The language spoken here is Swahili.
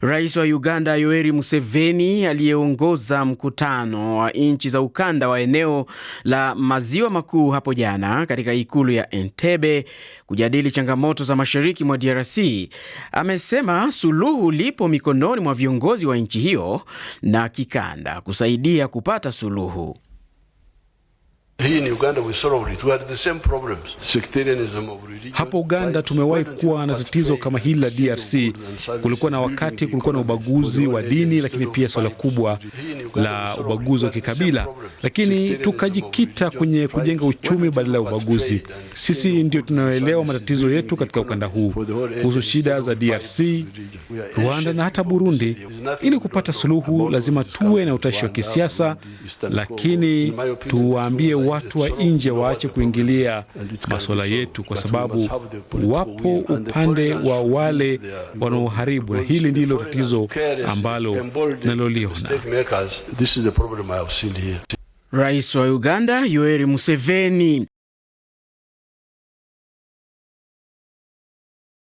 Rais wa Uganda Yoweri Museveni aliyeongoza mkutano wa nchi za ukanda wa eneo la maziwa makuu hapo jana katika ikulu ya Entebbe kujadili changamoto za mashariki mwa DRC amesema suluhu lipo mikononi mwa viongozi wa nchi hiyo na kikanda kusaidia kupata suluhu. Hapo Uganda tumewahi kuwa na tatizo kama hili la DRC. Kulikuwa na wakati kulikuwa na ubaguzi wa dini, lakini pia suala kubwa la ubaguzi wa kikabila, lakini tukajikita kwenye kujenga uchumi badala ya ubaguzi. Sisi ndio tunaoelewa matatizo yetu katika ukanda huu kuhusu shida za DRC, Rwanda na hata Burundi. Ili kupata suluhu, lazima tuwe na utashi wa kisiasa, lakini tuwaambie watu wa nje waache kuingilia masuala yetu, kwa sababu wapo upande wa wale wanaoharibu, na hili ndilo tatizo ambalo naloliona. Rais wa Uganda Yoweri Museveni